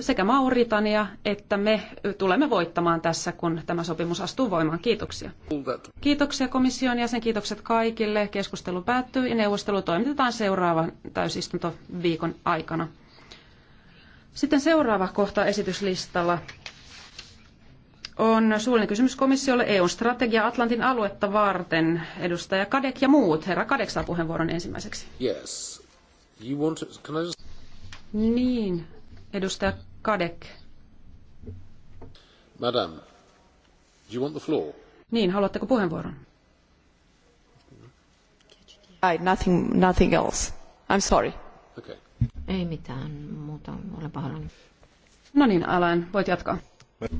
sekä Mauritania että me tulemme voittamaan tässä, kun tämä sopimus astuu voimaan. Kiitoksia. Kiitoksia komission jäsen, kiitokset kaikille. Keskustelu päättyy ja neuvostelu toimitetaan seuraavan täysistuntoviikon aikana. Sitten seuraava kohta esityslistalla on suullinen kysymys komissiolle EUn strategia Atlantin aluetta varten. Edustaja Kadek ja muut. Herra Kadek saa puheenvuoron ensimmäiseksi. Yes. You want to... Can I just... Niin, Edustaja Kadek. Madam, do you want the floor? Niin, haluatteko puheenvuoron? I, nothing, nothing else. I'm sorry. Okay. Ei mitään muuta, ole pahoillani. No niin, Alan, voit jatkaa.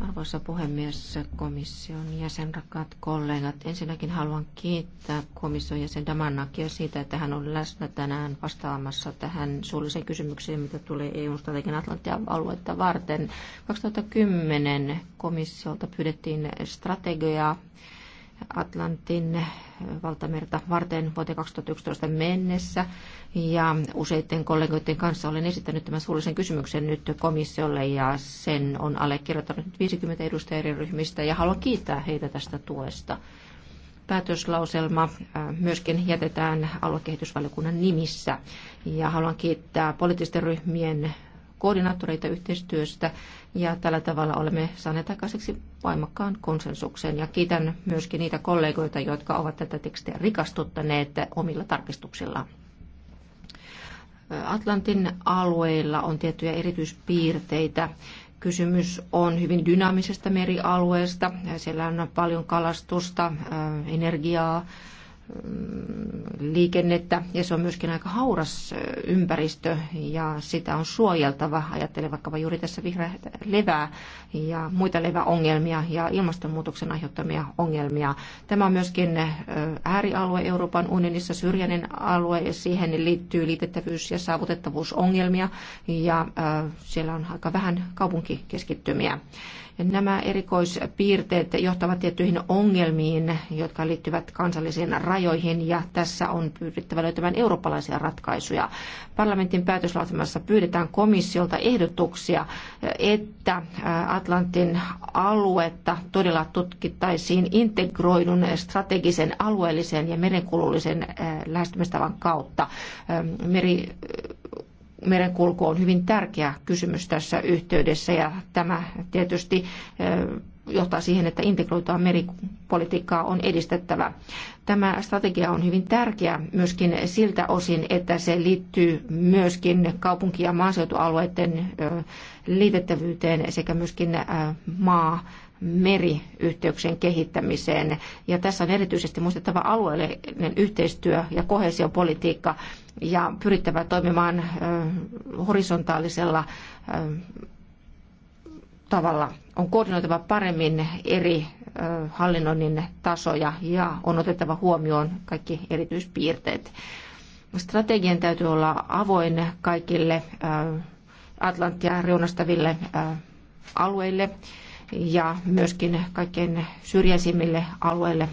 Arvoisa puhemies, komission jäsen, rakkaat kollegat. Ensinnäkin haluan kiittää komission jäsen Damannakia siitä, että hän on läsnä tänään vastaamassa tähän suulliseen kysymykseen, mitä tulee EUn strategian Atlantian aluetta varten. 2010 komissiolta pyydettiin strategiaa Atlantin valtamerta varten vuoteen 2011 mennessä. Ja useiden kollegoiden kanssa olen esittänyt tämän suullisen kysymyksen nyt komissiolle ja sen on allekirjoittanut 50 edustajia eri ryhmistä ja haluan kiittää heitä tästä tuesta. Päätöslauselma äh, myöskin jätetään aluekehitysvaliokunnan nimissä ja haluan kiittää poliittisten ryhmien koordinaattoreita yhteistyöstä ja tällä tavalla olemme saaneet aikaiseksi voimakkaan konsensuksen. Ja kiitän myöskin niitä kollegoita, jotka ovat tätä tekstiä rikastuttaneet omilla tarkistuksillaan. Atlantin alueilla on tiettyjä erityispiirteitä. Kysymys on hyvin dynaamisesta merialueesta. Siellä on paljon kalastusta, energiaa, Mm, liikennettä ja se on myöskin aika hauras ympäristö ja sitä on suojeltava. Ajattelen vaikkapa juuri tässä vihreä levää ja muita leväongelmia ja ilmastonmuutoksen aiheuttamia ongelmia. Tämä on myöskin äärialue Euroopan unionissa, syrjäinen alue ja siihen liittyy liitettävyys- ja saavutettavuusongelmia ja siellä on aika vähän kaupunkikeskittymiä. Nämä erikoispiirteet johtavat tiettyihin ongelmiin, jotka liittyvät kansallisiin rajoihin ja tässä on pyrittävä löytämään eurooppalaisia ratkaisuja. Parlamentin päätöslauselmassa pyydetään komissiolta ehdotuksia, että Atlantin aluetta todella tutkittaisiin integroidun strategisen alueellisen ja merenkulullisen lähestymistavan kautta. Meri merenkulku on hyvin tärkeä kysymys tässä yhteydessä ja tämä tietysti eh, johtaa siihen, että integroitua meripolitiikkaa on edistettävä. Tämä strategia on hyvin tärkeä myöskin siltä osin, että se liittyy myöskin kaupunki- ja maaseutualueiden eh, liitettävyyteen sekä myöskin eh, maa meriyhteyksien kehittämiseen. Ja tässä on erityisesti muistettava alueellinen yhteistyö ja kohesiopolitiikka, ja pyrittävä toimimaan horisontaalisella tavalla. On koordinoitava paremmin eri hallinnoinnin tasoja ja on otettava huomioon kaikki erityispiirteet. Strategian täytyy olla avoin kaikille Atlanttia reunastaville alueille ja myöskin kaikkein syrjäisimmille alueille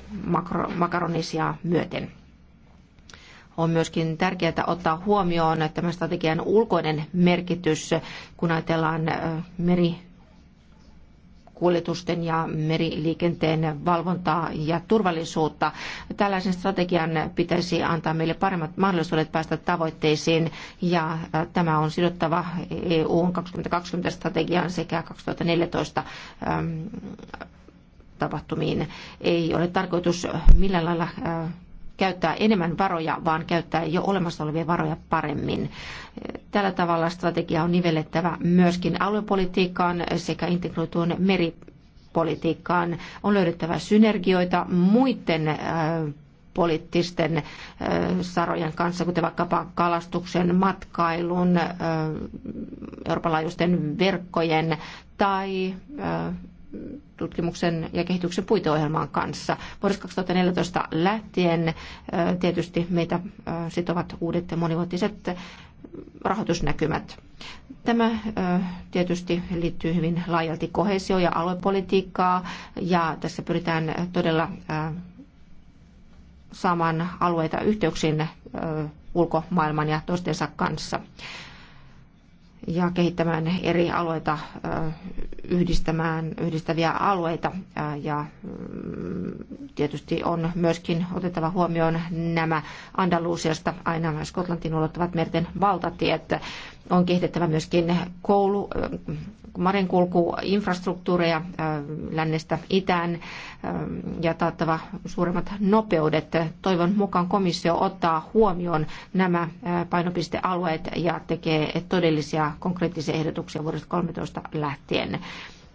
makaronisia myöten. On myöskin tärkeää ottaa huomioon tämän strategian ulkoinen merkitys, kun ajatellaan meri kuljetusten ja meriliikenteen valvontaa ja turvallisuutta. Tällaisen strategian pitäisi antaa meille paremmat mahdollisuudet päästä tavoitteisiin ja tämä on sidottava EUn 2020-strategiaan sekä 2014 tapahtumiin. Ei ole tarkoitus millään lailla käyttää enemmän varoja, vaan käyttää jo olemassa olevia varoja paremmin. Tällä tavalla strategia on nivellettävä myöskin aluepolitiikkaan sekä integroituun meripolitiikkaan. On löydettävä synergioita muiden äh, poliittisten äh, sarojen kanssa, kuten vaikkapa kalastuksen, matkailun, äh, euroopan verkkojen tai tutkimuksen ja kehityksen puiteohjelman kanssa. Vuodesta 2014 lähtien tietysti meitä sitovat uudet monivuotiset rahoitusnäkymät. Tämä tietysti liittyy hyvin laajalti kohesio- ja aluepolitiikkaa ja tässä pyritään todella saamaan alueita yhteyksiin ulkomaailman ja toistensa kanssa ja kehittämään eri alueita, yhdistämään yhdistäviä alueita ja mm, tietysti on myöskin otettava huomioon nämä Andalusiasta aina Skotlantiin ulottuvat merten valtatiet. On kehitettävä myöskin koulu, äh, marenkulkuinfrastruktuureja äh, lännestä itään äh, ja taattava suuremmat nopeudet. Toivon mukaan komissio ottaa huomioon nämä painopistealueet ja tekee todellisia konkreettisia ehdotuksia vuodesta 2013 lähtien.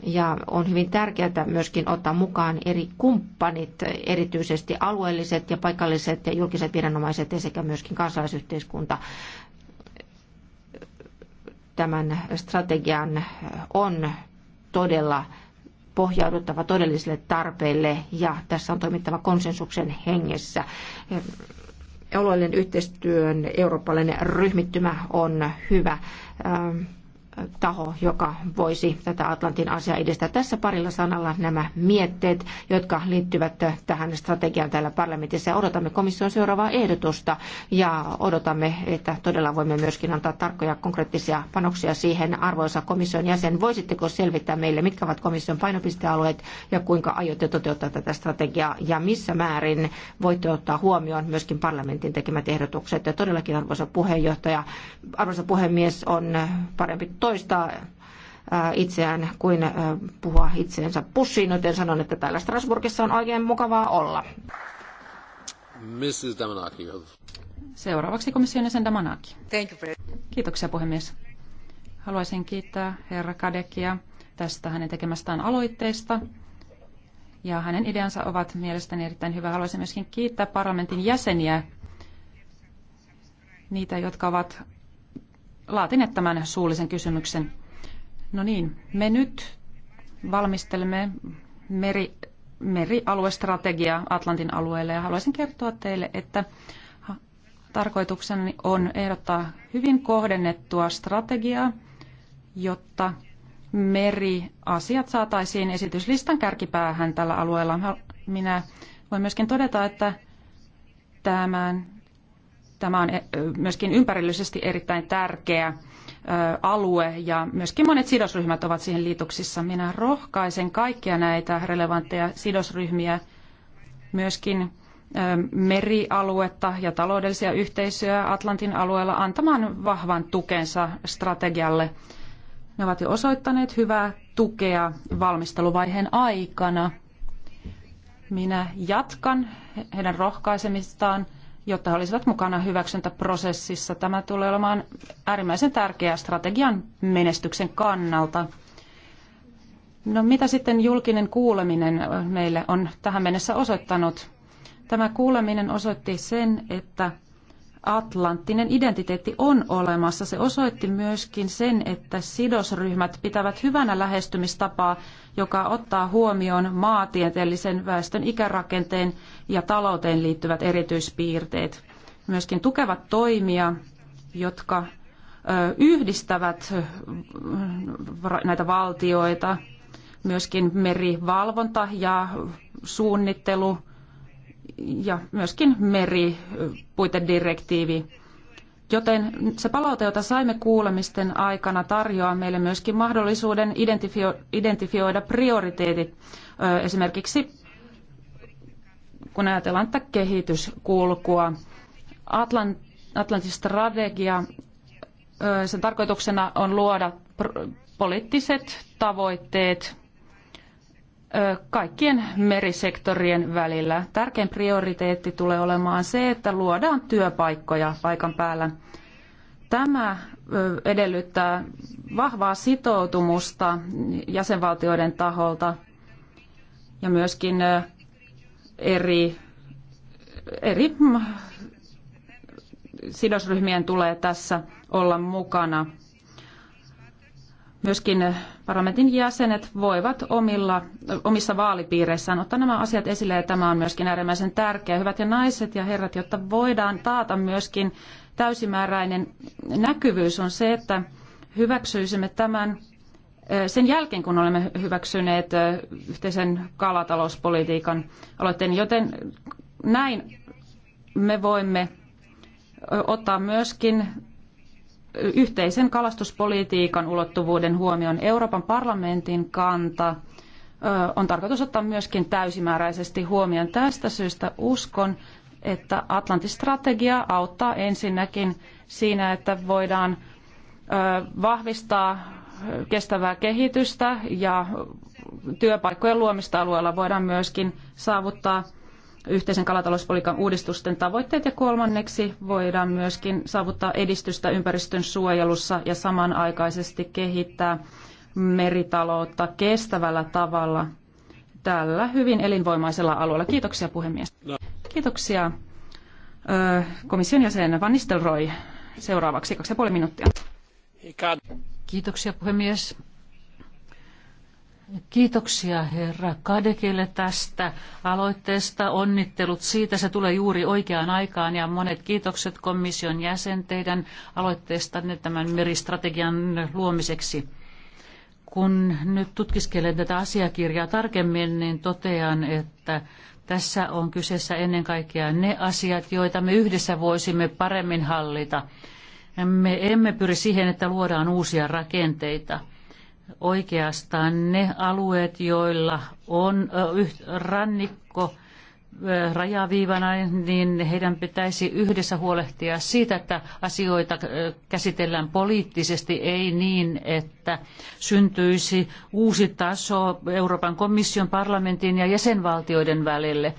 Ja on hyvin tärkeää myöskin ottaa mukaan eri kumppanit, erityisesti alueelliset ja paikalliset ja julkiset viranomaiset sekä myöskin kansalaisyhteiskunta tämän strategian on todella pohjauduttava todellisille tarpeille ja tässä on toimittava konsensuksen hengessä. Oloillinen yhteistyön eurooppalainen ryhmittymä on hyvä taho, joka voisi tätä Atlantin asiaa edistää. Tässä parilla sanalla nämä mietteet, jotka liittyvät tähän strategiaan täällä parlamentissa. odotamme komission seuraavaa ehdotusta ja odotamme, että todella voimme myöskin antaa tarkkoja konkreettisia panoksia siihen. Arvoisa komission jäsen, voisitteko selvittää meille, mitkä ovat komission painopistealueet ja kuinka aiotte toteuttaa tätä strategiaa ja missä määrin voitte ottaa huomioon myöskin parlamentin tekemät ehdotukset. Ja todellakin, arvoisa puheenjohtaja, arvoisa puhemies, on parempi toistaa äh, itseään kuin äh, puhua itseensä pussiin, joten sanon, että täällä Strasburgissa on oikein mukavaa olla. Mrs. Damanaki. Seuraavaksi komission jäsen Damanaki. Thank you. Kiitoksia puhemies. Haluaisin kiittää herra Kadekia tästä hänen tekemästään aloitteesta. Ja hänen ideansa ovat mielestäni erittäin hyvä. Haluaisin myöskin kiittää parlamentin jäseniä, niitä, jotka ovat laatineet tämän suullisen kysymyksen. No niin, me nyt valmistelemme meri, merialuestrategiaa Atlantin alueelle ja haluaisin kertoa teille, että tarkoitukseni on ehdottaa hyvin kohdennettua strategiaa, jotta meriasiat saataisiin esityslistan kärkipäähän tällä alueella. Minä voin myöskin todeta, että tämän Tämä on myöskin ympärillisesti erittäin tärkeä alue ja myöskin monet sidosryhmät ovat siihen liitoksissa. Minä rohkaisen kaikkia näitä relevantteja sidosryhmiä, myöskin merialuetta ja taloudellisia yhteisöjä Atlantin alueella antamaan vahvan tukensa strategialle. Ne ovat jo osoittaneet hyvää tukea valmisteluvaiheen aikana. Minä jatkan heidän rohkaisemistaan jotta he olisivat mukana hyväksyntäprosessissa. Tämä tulee olemaan äärimmäisen tärkeää strategian menestyksen kannalta. No mitä sitten julkinen kuuleminen meille on tähän mennessä osoittanut? Tämä kuuleminen osoitti sen, että transatlanttinen identiteetti on olemassa. Se osoitti myöskin sen, että sidosryhmät pitävät hyvänä lähestymistapaa, joka ottaa huomioon maatieteellisen väestön ikärakenteen ja talouteen liittyvät erityispiirteet. Myöskin tukevat toimia, jotka yhdistävät näitä valtioita, myöskin merivalvonta ja suunnittelu, ja myöskin meripuitedirektiivi. Joten se palaute, jota saimme kuulemisten aikana, tarjoaa meille myöskin mahdollisuuden identifioida prioriteetit. Esimerkiksi kun ajatellaan tätä kehityskulkua, Atlant, Atlantin strategia, sen tarkoituksena on luoda poliittiset tavoitteet kaikkien merisektorien välillä. Tärkein prioriteetti tulee olemaan se, että luodaan työpaikkoja paikan päällä. Tämä edellyttää vahvaa sitoutumusta jäsenvaltioiden taholta ja myöskin eri, eri sidosryhmien tulee tässä olla mukana – myöskin parlamentin jäsenet voivat omilla, omissa vaalipiireissään ottaa nämä asiat esille ja tämä on myöskin äärimmäisen tärkeää, hyvät ja naiset ja herrat, jotta voidaan taata myöskin täysimääräinen näkyvyys on se, että hyväksyisimme tämän eh, sen jälkeen, kun olemme hyväksyneet eh, yhteisen kalatalouspolitiikan aloitteen, joten näin me voimme eh, ottaa myöskin yhteisen kalastuspolitiikan ulottuvuuden huomioon. Euroopan parlamentin kanta on tarkoitus ottaa myöskin täysimääräisesti huomioon. Tästä syystä uskon, että Atlantistrategia auttaa ensinnäkin siinä, että voidaan vahvistaa kestävää kehitystä ja työpaikkojen luomista alueella voidaan myöskin saavuttaa yhteisen kalatalouspolitiikan uudistusten tavoitteet ja kolmanneksi voidaan myöskin saavuttaa edistystä ympäristön suojelussa ja samanaikaisesti kehittää meritaloutta kestävällä tavalla tällä hyvin elinvoimaisella alueella. Kiitoksia puhemies. No. Kiitoksia komission jäsen Van Nistelrooy seuraavaksi 2,5 minuuttia. Kiitoksia puhemies. Kiitoksia herra Kadekille tästä aloitteesta. Onnittelut siitä. Se tulee juuri oikeaan aikaan ja monet kiitokset komission jäsen teidän aloitteestanne tämän meristrategian luomiseksi. Kun nyt tutkiskelen tätä asiakirjaa tarkemmin, niin totean, että tässä on kyseessä ennen kaikkea ne asiat, joita me yhdessä voisimme paremmin hallita. Me emme pyri siihen, että luodaan uusia rakenteita – oikeastaan ne alueet, joilla on rannikko rajaviivana, niin heidän pitäisi yhdessä huolehtia siitä, että asioita käsitellään poliittisesti, ei niin, että syntyisi uusi taso Euroopan komission, parlamentin ja jäsenvaltioiden välille.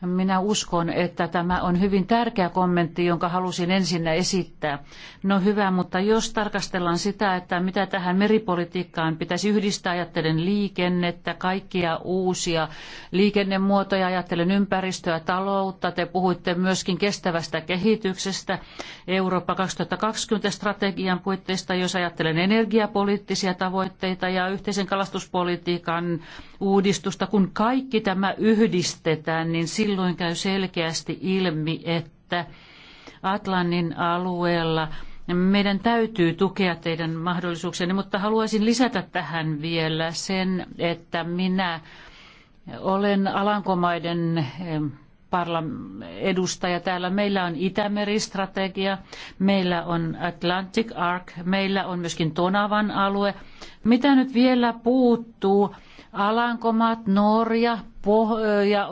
Minä uskon, että tämä on hyvin tärkeä kommentti, jonka halusin ensinnä esittää. No hyvä, mutta jos tarkastellaan sitä, että mitä tähän meripolitiikkaan pitäisi yhdistää, ajattelen liikennettä, kaikkia uusia liikennemuotoja, ajattelen ympäristöä, taloutta, te puhuitte myöskin kestävästä kehityksestä, Eurooppa 2020-strategian puitteista, jos ajattelen energiapoliittisia tavoitteita ja yhteisen kalastuspolitiikan uudistusta, kun kaikki tämä yhdistetään, niin silloin silloin käy selkeästi ilmi, että Atlannin alueella meidän täytyy tukea teidän mahdollisuuksianne, mutta haluaisin lisätä tähän vielä sen, että minä olen Alankomaiden edustaja täällä. Meillä on Itämeri-strategia, meillä on Atlantic Arc, meillä on myöskin Tonavan alue. Mitä nyt vielä puuttuu? Alankomaat, Norja, Poh- ja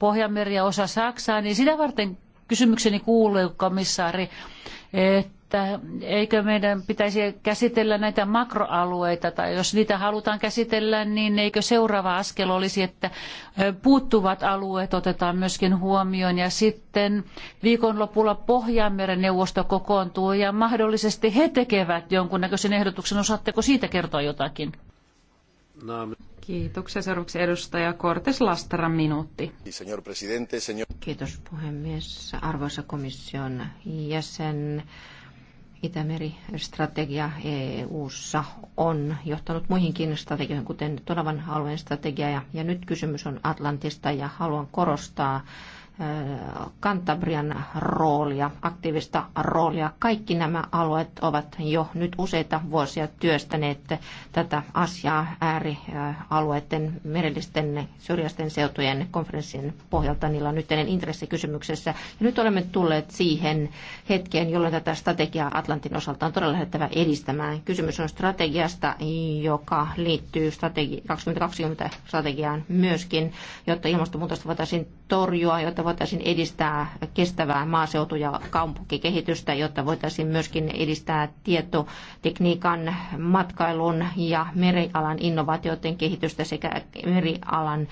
Pohjanmeri ja osa Saksaa, niin sitä varten kysymykseni kuuluu, komissaari, että eikö meidän pitäisi käsitellä näitä makroalueita, tai jos niitä halutaan käsitellä, niin eikö seuraava askel olisi, että puuttuvat alueet otetaan myöskin huomioon, ja sitten viikonlopulla Pohjanmeren neuvosto kokoontuu, ja mahdollisesti he tekevät jonkunnäköisen ehdotuksen. Osaatteko siitä kertoa jotakin? Kiitoksia. Seuraavaksi edustaja Cortes Lastaran minuutti. Señor presidente, señor... Kiitos puhemies. Arvoisa komission jäsen. Itämeri-strategia EU:ssa on johtanut muihinkin strategioihin, kuten Tonavan alueen strategia. Ja, ja nyt kysymys on Atlantista ja haluan korostaa Kantabrian roolia, aktiivista roolia. Kaikki nämä alueet ovat jo nyt useita vuosia työstäneet tätä asiaa äärialueiden merellisten syrjäisten seutujen konferenssien pohjalta. Niillä on nyt intressi kysymyksessä. Ja nyt olemme tulleet siihen hetkeen, jolloin tätä strategiaa Atlantin osalta on todella lähdettävä edistämään. Kysymys on strategiasta, joka liittyy strategi- 2020 strategiaan myöskin, jotta ilmastonmuutosta voitaisiin torjua, jotta voitaisiin edistää kestävää maaseutu- ja kaupunkikehitystä, jotta voitaisiin myöskin edistää tietotekniikan, matkailun ja merialan innovaatioiden kehitystä sekä merialan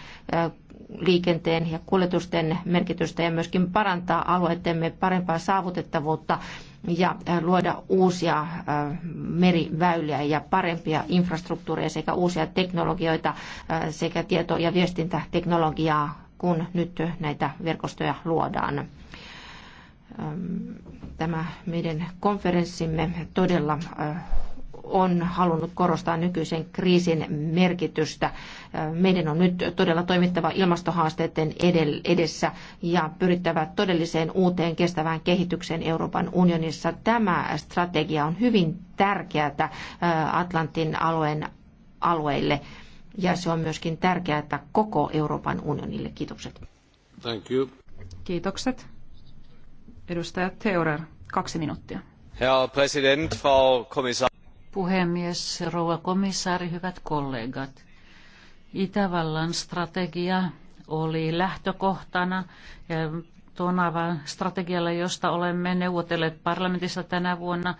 liikenteen ja kuljetusten merkitystä ja myöskin parantaa alueidemme parempaa saavutettavuutta ja luoda uusia meriväyliä ja parempia infrastruktuureja sekä uusia teknologioita sekä tieto- ja viestintäteknologiaa kun nyt näitä verkostoja luodaan. Tämä meidän konferenssimme todella on halunnut korostaa nykyisen kriisin merkitystä. Meidän on nyt todella toimittava ilmastohaasteiden edessä ja pyrittävä todelliseen uuteen kestävään kehitykseen Euroopan unionissa. Tämä strategia on hyvin tärkeää Atlantin alueen alueille ja se on myöskin tärkeää että koko Euroopan unionille. Kiitokset. Thank you. Kiitokset. Edustaja Teurer, kaksi minuuttia. Herr President, Frau Kommissar. Puhemies, rouva komissaari, hyvät kollegat. Itävallan strategia oli lähtökohtana ja Tonavan strategialle, josta olemme neuvotelleet parlamentissa tänä vuonna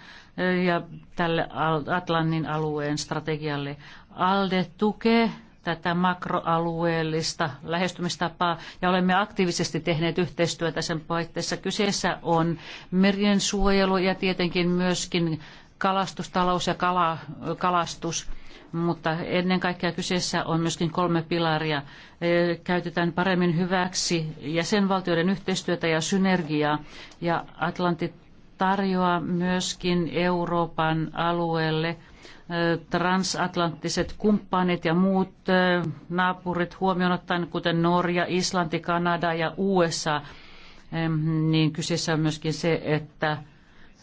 ja tälle Atlannin alueen strategialle. ALDE tukee tätä makroalueellista lähestymistapaa ja olemme aktiivisesti tehneet yhteistyötä sen puitteissa. Kyseessä on merien suojelu ja tietenkin myöskin kalastustalous ja kala, kalastus, mutta ennen kaikkea kyseessä on myöskin kolme pilaria. E, käytetään paremmin hyväksi jäsenvaltioiden yhteistyötä ja synergiaa ja Atlantit tarjoaa myöskin Euroopan alueelle – transatlanttiset kumppanit ja muut naapurit huomioon ottaen, kuten Norja, Islanti, Kanada ja USA, niin kyseessä on myöskin se, että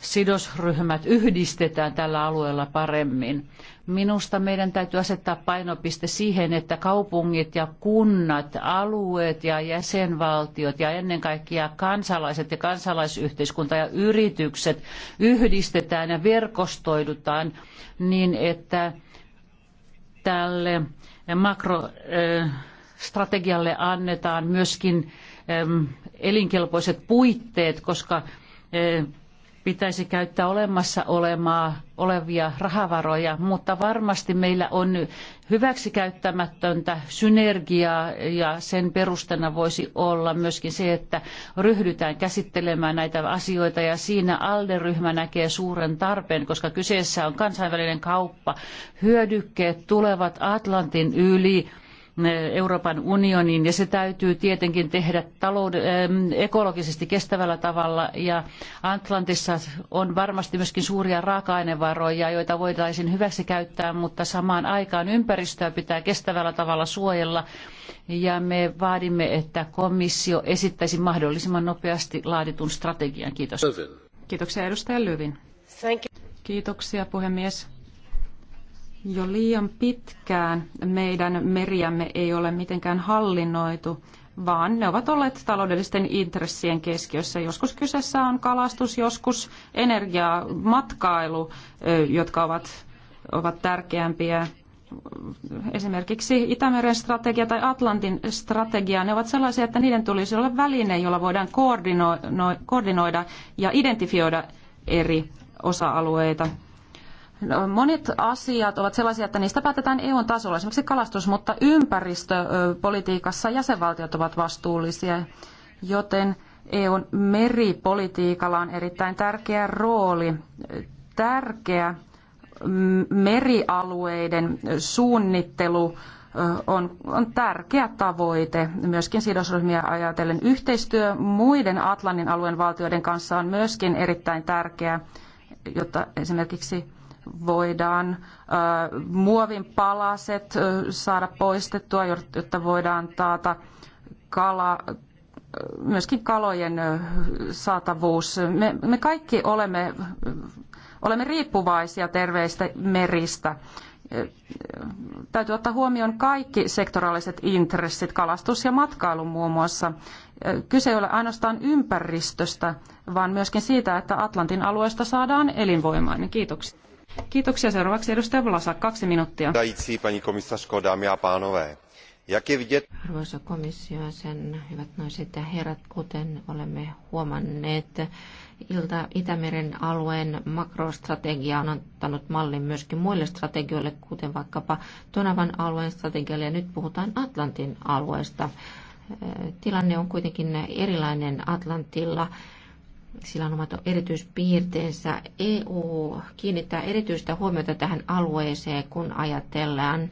sidosryhmät yhdistetään tällä alueella paremmin. Minusta meidän täytyy asettaa painopiste siihen, että kaupungit ja kunnat, alueet ja jäsenvaltiot ja ennen kaikkea kansalaiset ja kansalaisyhteiskunta ja yritykset yhdistetään ja verkostoidutaan niin, että tälle makrostrategialle annetaan myöskin elinkelpoiset puitteet, koska pitäisi käyttää olemassa olemaa, olevia rahavaroja, mutta varmasti meillä on hyväksi käyttämätöntä synergiaa ja sen perustana voisi olla myöskin se, että ryhdytään käsittelemään näitä asioita ja siinä ALDE-ryhmä näkee suuren tarpeen, koska kyseessä on kansainvälinen kauppa. Hyödykkeet tulevat Atlantin yli Euroopan unioniin ja se täytyy tietenkin tehdä ähm, ekologisesti kestävällä tavalla ja Atlantissa on varmasti myöskin suuria raaka-ainevaroja, joita voitaisiin hyväksi käyttää, mutta samaan aikaan ympäristöä pitää kestävällä tavalla suojella ja me vaadimme, että komissio esittäisi mahdollisimman nopeasti laaditun strategian. Kiitos. Kiitoksia edustaja Lyvin. Kiitoksia puhemies. Jo liian pitkään meidän meriämme ei ole mitenkään hallinnoitu, vaan ne ovat olleet taloudellisten intressien keskiössä. Joskus kyseessä on kalastus, joskus energia, matkailu, jotka ovat, ovat tärkeämpiä. Esimerkiksi Itämeren strategia tai Atlantin strategia, ne ovat sellaisia, että niiden tulisi olla väline, jolla voidaan koordinoida ja identifioida eri osa-alueita No, monet asiat ovat sellaisia, että niistä päätetään EUn tasolla, esimerkiksi kalastus, mutta ympäristöpolitiikassa jäsenvaltiot ovat vastuullisia, joten EUn meripolitiikalla on erittäin tärkeä rooli. Tärkeä mm, merialueiden suunnittelu on, on tärkeä tavoite myöskin sidosryhmiä ajatellen. Yhteistyö muiden Atlantin alueen valtioiden kanssa on myöskin erittäin tärkeää, jotta esimerkiksi voidaan muovin palaset saada poistettua, jotta voidaan taata kala, myöskin kalojen saatavuus. Me, me kaikki olemme, olemme riippuvaisia terveistä meristä. Täytyy ottaa huomioon kaikki sektoraaliset intressit, kalastus ja matkailu muun muassa. Kyse ei ole ainoastaan ympäristöstä, vaan myöskin siitä, että Atlantin alueesta saadaan elinvoimainen. Kiitoksia. Kiitoksia. Seuraavaksi edustaja Vlasak, kaksi minuuttia. pani komissařko, dámy a pánové. Arvoisa komissio, sen hyvät naiset ja herrat, kuten olemme huomanneet, Ilta Itämeren alueen makrostrategia on antanut mallin myöskin muille strategioille, kuten vaikkapa Tonavan alueen strategialle, ja nyt puhutaan Atlantin alueesta. Tilanne on kuitenkin erilainen Atlantilla sillä on omat erityispiirteensä. EU kiinnittää erityistä huomiota tähän alueeseen, kun ajatellaan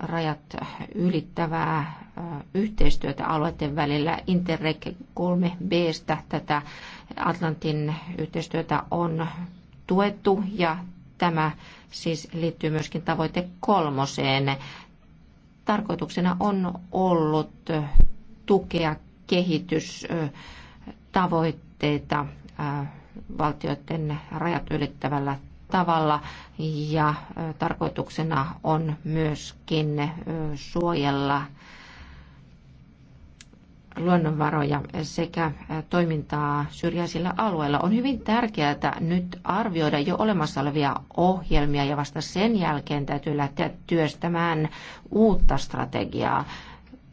rajat ylittävää yhteistyötä alueiden välillä. Interreg 3Bstä tätä Atlantin yhteistyötä on tuettu ja tämä siis liittyy myöskin tavoite kolmoseen. Tarkoituksena on ollut tukea kehitystavoitteita aloitteita valtioiden rajat ylittävällä tavalla ja tarkoituksena on myöskin suojella luonnonvaroja sekä toimintaa syrjäisillä alueilla. On hyvin tärkeää nyt arvioida jo olemassa olevia ohjelmia ja vasta sen jälkeen täytyy lähteä työstämään uutta strategiaa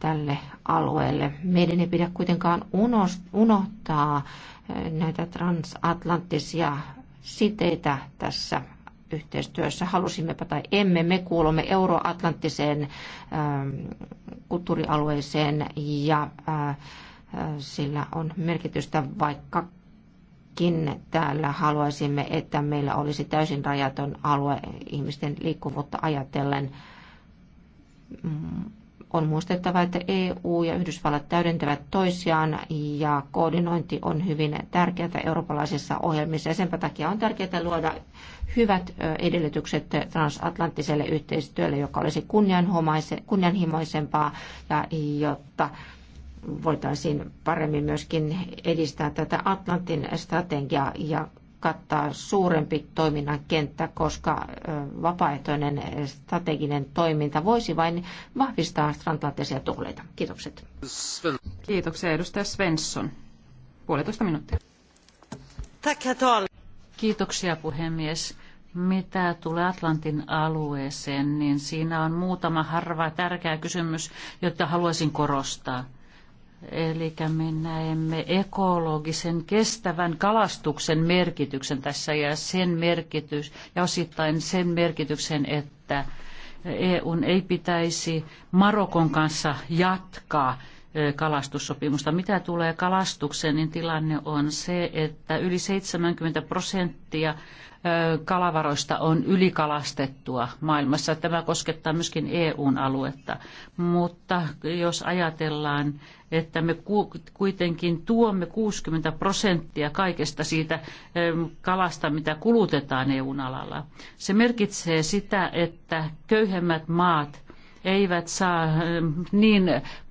tälle alueelle. Meidän ei pidä kuitenkaan unohtaa eh, näitä transatlanttisia siteitä tässä yhteistyössä, halusimmepa tai emme, me kuulumme euroatlanttiseen ähm, kulttuurialueeseen ja äh, sillä on merkitystä, vaikkakin täällä haluaisimme, että meillä olisi täysin rajaton alue ihmisten liikkuvuutta ajatellen mm, on muistettava, että EU ja Yhdysvallat täydentävät toisiaan ja koordinointi on hyvin tärkeää eurooppalaisissa ohjelmissa. Ja sen takia on tärkeää luoda hyvät edellytykset transatlanttiselle yhteistyölle, joka olisi kunnianhimoisempaa ja jotta voitaisiin paremmin myöskin edistää tätä Atlantin strategiaa ja kattaa suurempi toiminnan kenttä, koska vapaaehtoinen strateginen toiminta voisi vain vahvistaa transatlanttisia tuhleita. Kiitokset. Sven. Kiitoksia edustaja Svensson. Puolitoista minuuttia. Tack, Kiitoksia puhemies. Mitä tulee Atlantin alueeseen, niin siinä on muutama harva tärkeä kysymys, jota haluaisin korostaa. Eli me näemme ekologisen kestävän kalastuksen merkityksen tässä ja sen merkitys ja osittain sen merkityksen, että EUn ei pitäisi Marokon kanssa jatkaa kalastussopimusta. Mitä tulee kalastukseen, niin tilanne on se, että yli 70 prosenttia kalavaroista on ylikalastettua maailmassa. Tämä koskettaa myöskin EUn aluetta. Mutta jos ajatellaan, että me kuitenkin tuomme 60 prosenttia kaikesta siitä kalasta, mitä kulutetaan EUn alalla, se merkitsee sitä, että köyhemmät maat – eivät saa eh, niin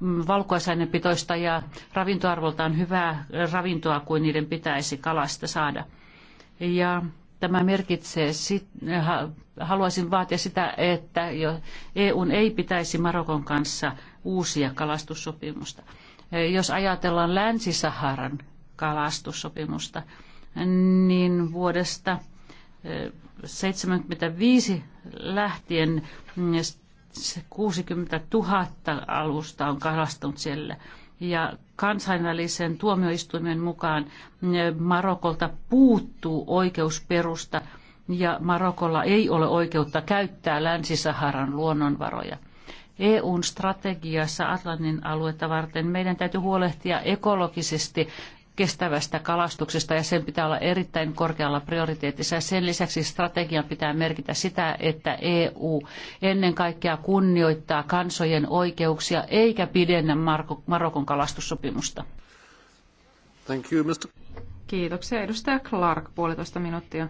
valkuaisainepitoista ja ravintoarvoltaan hyvää ravintoa kuin niiden pitäisi kalasta saada. Ja tämä merkitsee, haluaisin vaatia sitä, että EUn ei pitäisi Marokon kanssa uusia kalastussopimusta. Eh, jos ajatellaan Länsi-Saharan kalastussopimusta, niin vuodesta 1975 eh, lähtien mm, 60 000 alusta on kalastunut siellä. Ja kansainvälisen tuomioistuimen mukaan eh, Marokolta puuttuu oikeusperusta ja Marokolla ei ole oikeutta käyttää Länsi-Saharan luonnonvaroja. EUn strategiassa Atlantin aluetta varten meidän täytyy huolehtia ekologisesti kestävästä kalastuksesta ja sen pitää olla erittäin korkealla prioriteetissa. Sen lisäksi strategian pitää merkitä sitä, että EU ennen kaikkea kunnioittaa kansojen oikeuksia eikä pidennä Marokon kalastussopimusta. Thank you, Mr. Kiitoksia. Edustaja Clark, puolitoista minuuttia.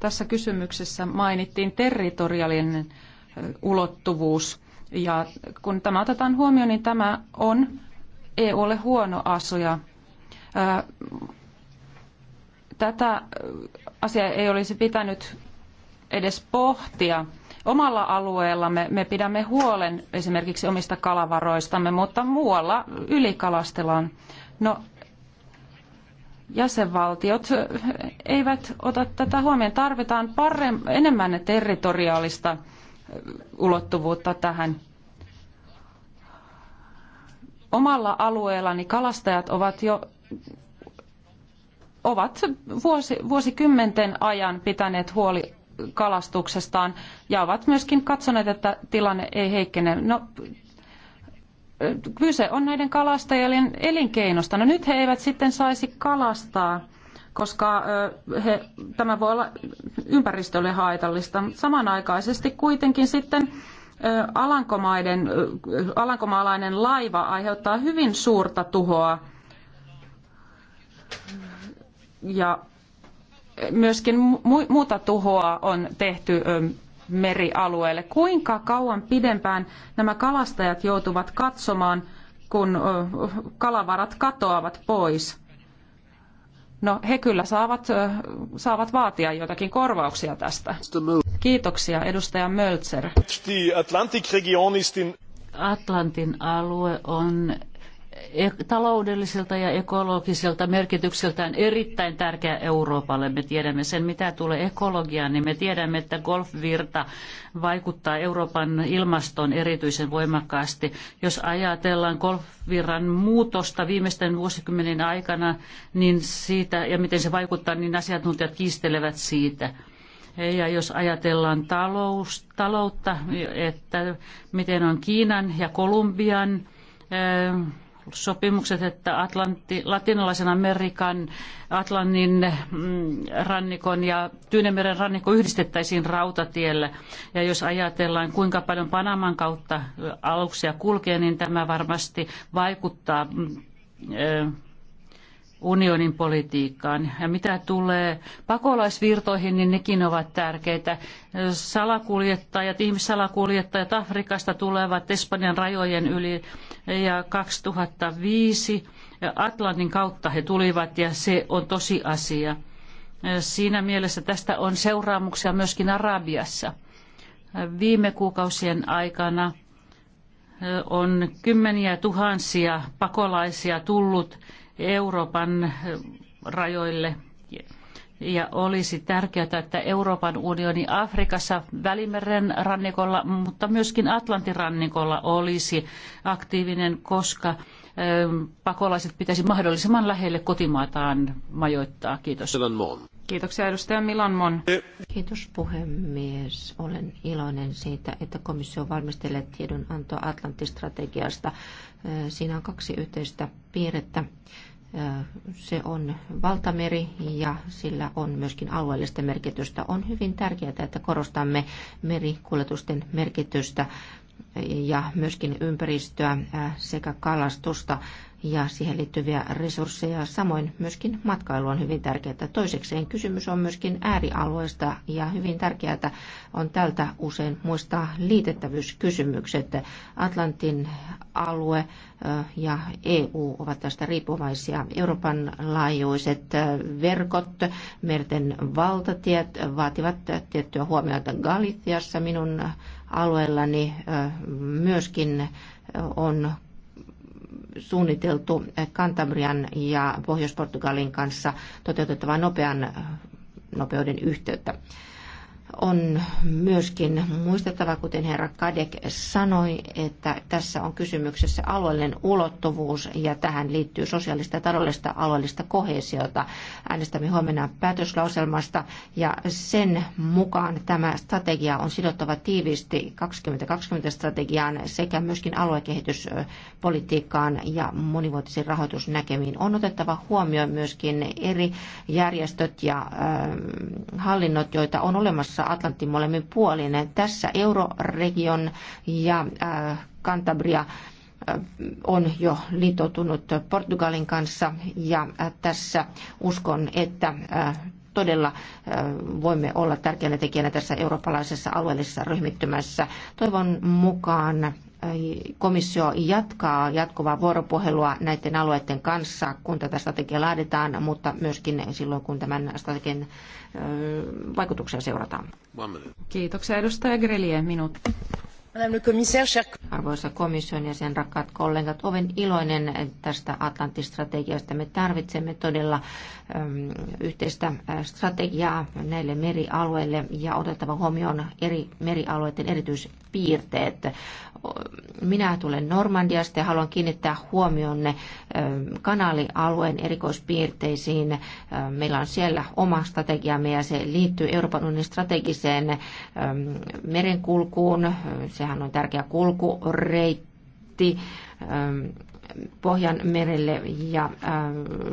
Tässä kysymyksessä mainittiin territoriaalinen ulottuvuus. Ja kun tämä otetaan huomioon, niin tämä on ole huono asuja. Tätä asiaa ei olisi pitänyt edes pohtia. Omalla alueellamme me pidämme huolen esimerkiksi omista kalavaroistamme, mutta muualla ylikalastellaan. No, jäsenvaltiot eivät ota tätä huomioon. Tarvitaan parem- enemmän territoriaalista ulottuvuutta tähän omalla alueellani kalastajat ovat jo ovat vuosi, vuosikymmenten ajan pitäneet huoli kalastuksestaan ja ovat myöskin katsoneet, että tilanne ei heikkene. No, kyse on näiden kalastajien elinkeinosta. No nyt he eivät sitten saisi kalastaa, koska he, tämä voi olla ympäristölle haitallista. Samanaikaisesti kuitenkin sitten Alankomaiden, alankomaalainen laiva aiheuttaa hyvin suurta tuhoa. Ja myöskin mu- muuta tuhoa on tehty merialueelle. Kuinka kauan pidempään nämä kalastajat joutuvat katsomaan, kun kalavarat katoavat pois? No he kyllä saavat, saavat vaatia jotakin korvauksia tästä. Kiitoksia edustaja Möltser. Atlantin alue on E- taloudelliselta ja ekologiselta merkitykseltään erittäin tärkeä Euroopalle. Me tiedämme sen, mitä tulee ekologiaan, niin me tiedämme, että golfvirta vaikuttaa Euroopan ilmastoon erityisen voimakkaasti. Jos ajatellaan golfvirran muutosta viimeisten vuosikymmenen aikana, niin siitä ja miten se vaikuttaa, niin asiantuntijat kiistelevät siitä. Ja jos ajatellaan talous, taloutta, että miten on Kiinan ja Kolumbian sopimukset, että Atlantti, latinalaisen Amerikan, Atlannin mm, rannikon ja Tyynemeren rannikko yhdistettäisiin rautatielle. Ja jos ajatellaan, kuinka paljon Panaman kautta aluksia kulkee, niin tämä varmasti vaikuttaa mm, unionin politiikkaan. Ja mitä tulee pakolaisvirtoihin, niin nekin ovat tärkeitä. Salakuljettajat, ihmissalakuljettajat Afrikasta tulevat Espanjan rajojen yli ja 2005 Atlantin kautta he tulivat ja se on tosiasia. Siinä mielessä tästä on seuraamuksia myöskin Arabiassa. Viime kuukausien aikana on kymmeniä tuhansia pakolaisia tullut Euroopan eh, rajoille. Ja olisi tärkeää, että Euroopan unioni Afrikassa, Välimeren rannikolla, mutta myöskin Atlantin rannikolla olisi aktiivinen, koska eh, pakolaiset pitäisi mahdollisimman lähelle kotimaataan majoittaa. Kiitos. Kiitoksia edustaja Milan Mon. Kiitos puhemies. Olen iloinen siitä, että komissio valmistelee tiedonantoa Atlantistrategiasta. Äh, siinä on kaksi yhteistä piirrettä. Äh, se on valtameri ja sillä on myöskin alueellista merkitystä. On hyvin tärkeää, että korostamme merikuljetusten merkitystä ja myöskin ympäristöä äh, sekä kalastusta ja siihen liittyviä resursseja. Samoin myöskin matkailu on hyvin tärkeää. Toisekseen kysymys on myöskin äärialueista ja hyvin tärkeää on tältä usein muistaa liitettävyyskysymykset. Atlantin alue ja EU ovat tästä riippuvaisia. Euroopan laajuiset verkot, merten valtatiet vaativat tiettyä huomiota Galiciassa minun alueellani myöskin on suunniteltu Kantabrian ja Pohjois-Portugalin kanssa toteutettavan nopean nopeuden yhteyttä on myöskin muistettava, kuten herra Kadek sanoi, että tässä on kysymyksessä alueellinen ulottuvuus ja tähän liittyy sosiaalista ja taloudellista alueellista kohesiota. Äänestämme huomenna päätöslauselmasta ja sen mukaan tämä strategia on sidottava tiiviisti 2020-strategiaan sekä myöskin aluekehityspolitiikkaan ja monivuotisiin rahoitusnäkemiin. On otettava huomioon myöskin eri järjestöt ja ähm, hallinnot, joita on olemassa tuossa Atlantin molemmin puolin. Tässä euroregion ja äh, Kantabria äh, on jo liitoutunut Portugalin kanssa ja äh, tässä uskon, että todella voimme olla tärkeänä tekijänä tässä eurooppalaisessa alueellisessa ryhmittymässä. Toivon mukaan komissio jatkaa jatkuvaa vuoropuhelua näiden alueiden kanssa, kun tätä strategiaa laaditaan, mutta myöskin silloin, kun tämän strategian vaikutuksia seurataan. Kiitoksia edustaja Grelien minuutti. Arvoisa komission ja sen rakkaat kollegat, olen iloinen tästä Atlantistrategiasta. Me tarvitsemme todella yhteistä strategiaa näille merialueille ja otettava huomioon eri merialueiden erityispiirteet. Minä tulen Normandiasta ja haluan kiinnittää huomionne kanaalialueen erikoispiirteisiin. Meillä on siellä oma strategiamme ja se liittyy Euroopan unionin strategiseen merenkulkuun. Sehän on tärkeä kulkureitti reitti Pohjan merelle ja äh,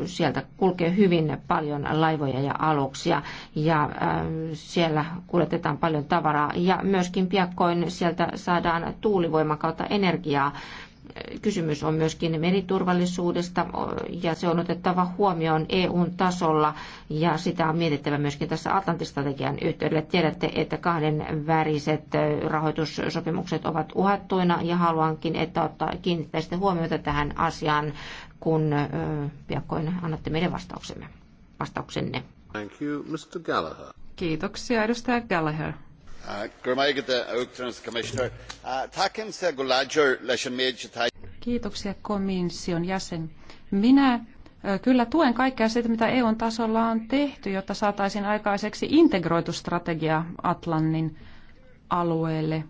sieltä kulkee hyvin paljon laivoja ja aluksia ja äh, siellä kuljetetaan paljon tavaraa ja myöskin piakkoin sieltä saadaan tuulivoimakautta energiaa kysymys on myöskin meriturvallisuudesta ja se on otettava huomioon EUn tasolla ja sitä on mietittävä myöskin tässä Atlantistrategian yhteydellä. Tiedätte, että kahden väriset rahoitussopimukset ovat uhattuina ja haluankin, että ottaa, kiinnittäisitte huomiota tähän asiaan, kun piakkoin annatte meidän vastauksemme, vastauksenne. Thank you, Mr. Gallagher. Kiitoksia, edustaja Gallagher. Uh, uh, Kiitoksia komission jäsen. Minä uh, Kyllä tuen kaikkea sitä, mitä EUn tasolla on tehty, jotta saataisiin aikaiseksi integroitu strategia Atlannin alueelle.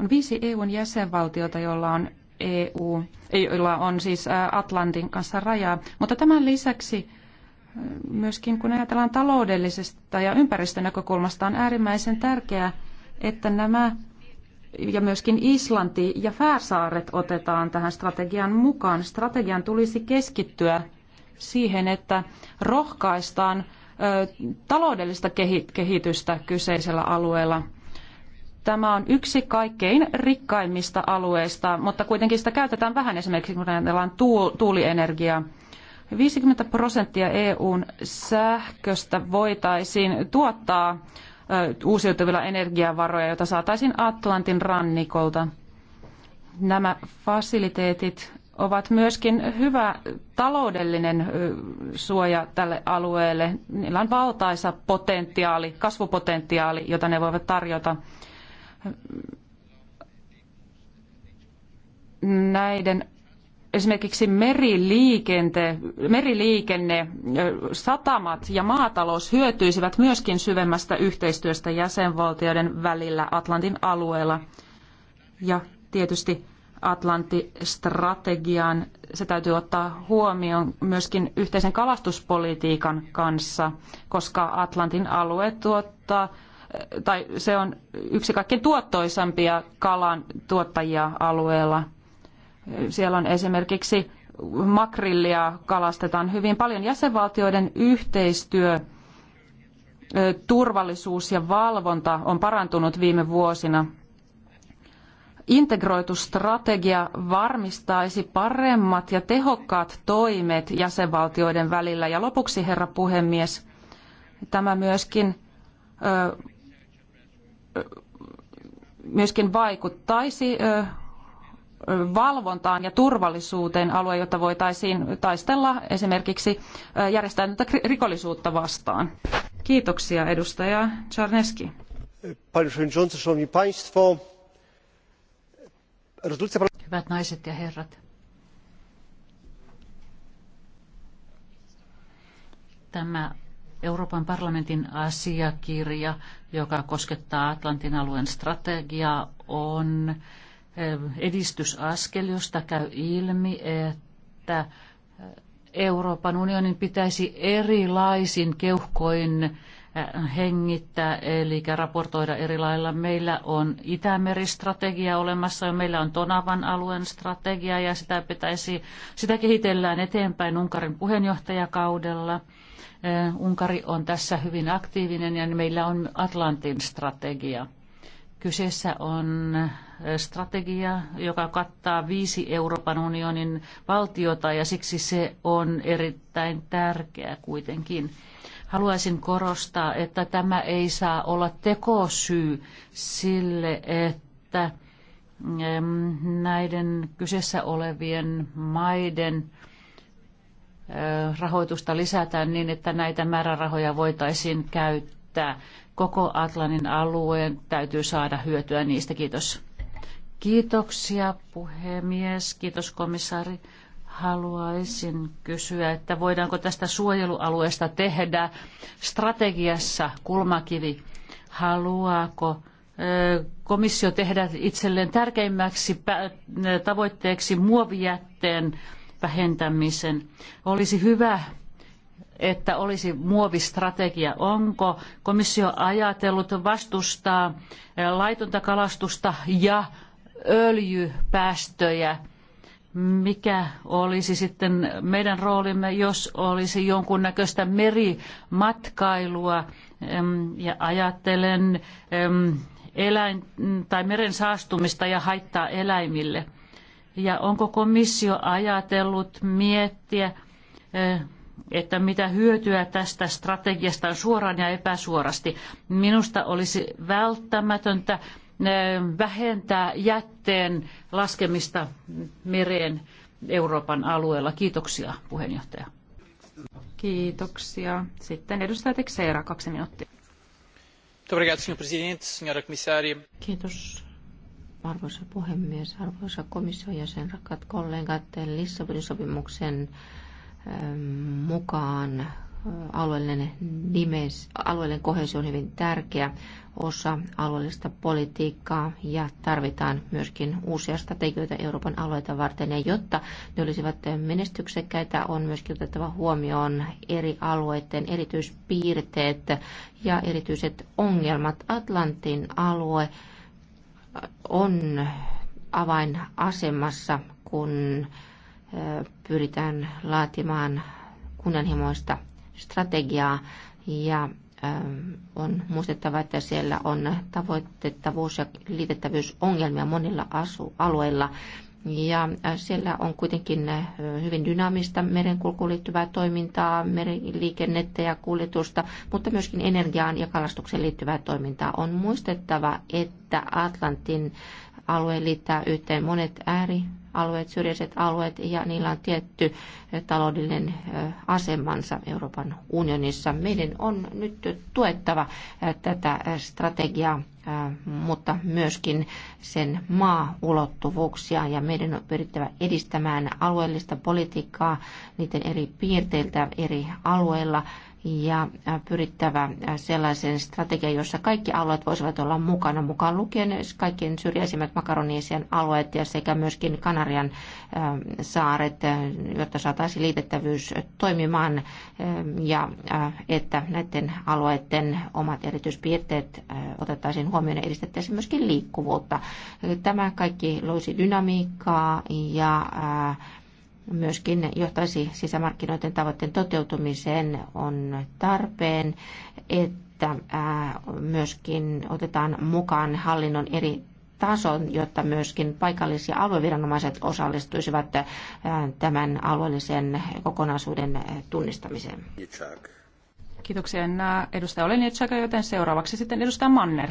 On viisi EUn jäsenvaltiota, jolla on EU, joilla on siis Atlantin kanssa rajaa, mutta tämän lisäksi myöskin kun ajatellaan taloudellisesta ja ympäristönäkökulmasta, on äärimmäisen tärkeää, että nämä ja myöskin Islanti ja Färsaaret otetaan tähän strategian mukaan. Strategian tulisi keskittyä siihen, että rohkaistaan taloudellista kehitystä kyseisellä alueella. Tämä on yksi kaikkein rikkaimmista alueista, mutta kuitenkin sitä käytetään vähän esimerkiksi kun ajatellaan tuulienergiaa. 50 prosenttia EUn sähköstä voitaisiin tuottaa uusiutuvilla energiavaroja, joita saataisiin Atlantin rannikolta. Nämä fasiliteetit ovat myöskin hyvä taloudellinen suoja tälle alueelle. Niillä on valtaisa potentiaali, kasvupotentiaali, jota ne voivat tarjota näiden esimerkiksi meriliikenne, meriliikenne, satamat ja maatalous hyötyisivät myöskin syvemmästä yhteistyöstä jäsenvaltioiden välillä Atlantin alueella. Ja tietysti Atlantti-strategiaan se täytyy ottaa huomioon myöskin yhteisen kalastuspolitiikan kanssa, koska Atlantin alue tuottaa tai se on yksi kaikkein tuottoisampia kalan tuottajia alueella – siellä on esimerkiksi makrillia kalastetaan hyvin paljon. Jäsenvaltioiden yhteistyö, turvallisuus ja valvonta on parantunut viime vuosina. Integroitu strategia varmistaisi paremmat ja tehokkaat toimet jäsenvaltioiden välillä. Ja lopuksi, herra puhemies, tämä myöskin, myöskin vaikuttaisi valvontaan ja turvallisuuteen alue, jota voitaisiin taistella esimerkiksi järjestäytynyttä rikollisuutta vastaan. Kiitoksia edustaja Czarneski. Hyvät naiset ja herrat. Tämä Euroopan parlamentin asiakirja, joka koskettaa Atlantin alueen strategiaa, on edistysaskel, josta käy ilmi, että Euroopan unionin pitäisi erilaisin keuhkoin hengittää, eli raportoida eri lailla. Meillä on Itämeri-strategia olemassa ja meillä on Tonavan alueen strategia ja sitä, pitäisi, sitä kehitellään eteenpäin Unkarin puheenjohtajakaudella. Unkari on tässä hyvin aktiivinen ja meillä on Atlantin strategia. Kyseessä on strategia, joka kattaa viisi Euroopan unionin valtiota ja siksi se on erittäin tärkeä kuitenkin. Haluaisin korostaa, että tämä ei saa olla tekosyy sille, että näiden kyseessä olevien maiden rahoitusta lisätään niin, että näitä määrärahoja voitaisiin käyttää että koko Atlantin alueen täytyy saada hyötyä niistä. Kiitos. Kiitoksia puhemies, kiitos komissaari. Haluaisin kysyä, että voidaanko tästä suojelualueesta tehdä strategiassa kulmakivi? Haluaako komissio tehdä itselleen tärkeimmäksi tavoitteeksi muovijätteen vähentämisen? Olisi hyvä että olisi muovistrategia. Onko komissio ajatellut vastustaa eh, laitonta kalastusta ja öljypäästöjä? mikä olisi sitten meidän roolimme, jos olisi jonkunnäköistä merimatkailua ja ajattelen eläin, tai meren saastumista ja haittaa eläimille. Ja onko komissio ajatellut miettiä eh, että mitä hyötyä tästä strategiasta on suoraan ja epäsuorasti. Minusta olisi välttämätöntä eh, vähentää jätteen laskemista mereen Euroopan alueella. Kiitoksia puheenjohtaja. Kiitoksia. Sitten edustaja Teixeira, kaksi minuuttia. Kiitos, arvoisa puhemies, arvoisa komission jäsen, rakkaat kollegat. Lissabonin sopimuksen mukaan. Alueellinen, nimes, alueellinen kohesio on hyvin tärkeä osa alueellista politiikkaa ja tarvitaan myöskin uusia strategioita Euroopan alueita varten. Ja jotta ne olisivat menestyksekkäitä, on myöskin otettava huomioon eri alueiden erityispiirteet ja erityiset ongelmat. Atlantin alue on avainasemassa, kun pyritään laatimaan kunnianhimoista strategiaa ja ähm, on muistettava, että siellä on tavoitettavuus- ja liitettävyysongelmia monilla asu- alueilla. Ja äh, siellä on kuitenkin äh, hyvin dynaamista merenkulkuun liittyvää toimintaa, meriliikennettä ja kuljetusta, mutta myöskin energiaan ja kalastukseen liittyvää toimintaa. On muistettava, että Atlantin alue liittää yhteen monet ääri alueet, syrjäiset alueet, ja niillä on tietty taloudellinen asemansa Euroopan unionissa. Meidän on nyt tuettava tätä strategiaa mutta myöskin sen maaulottuvuuksia ja meidän on pyrittävä edistämään alueellista politiikkaa niiden eri piirteiltä eri alueilla ja pyrittävä sellaisen strategian, jossa kaikki alueet voisivat olla mukana, mukaan lukien kaikkien syrjäisimmät makaroniisien alueet ja sekä myöskin Kanarian ähm, saaret, äh, jotta saataisiin liitettävyys toimimaan ähm, ja äh, että näiden alueiden omat erityispiirteet äh, otettaisiin huomioon ja edistettäisiin myöskin liikkuvuutta. Tämä kaikki loisi dynamiikkaa ja myöskin johtaisi sisämarkkinoiden tavoitteen toteutumiseen, on tarpeen, että myöskin otetaan mukaan hallinnon eri tason, jotta myöskin paikallis- ja alueviranomaiset osallistuisivat tämän alueellisen kokonaisuuden tunnistamiseen. Kiitoksia enää edustaja Olenicaka, joten seuraavaksi sitten edustaja Manner.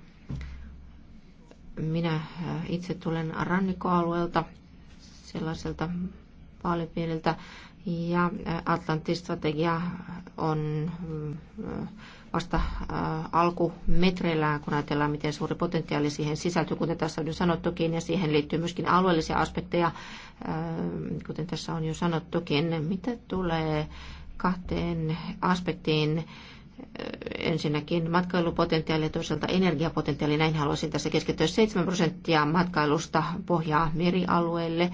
minä äh, itse tulen rannikkoalueelta, sellaiselta vaalipiiriltä, ja äh, Atlantin strategia on äh, vasta alkumetreillään, kun ajatellaan, miten suuri potentiaali siihen sisältyy, kuten tässä on jo sanottukin, ja siihen liittyy myöskin alueellisia aspekteja, kuten tässä on jo sanottukin. Mitä tulee kahteen aspektiin, ensinnäkin matkailupotentiaali ja toisaalta energiapotentiaali. Näin haluaisin tässä keskittyä 7 prosenttia matkailusta pohjaa merialueelle.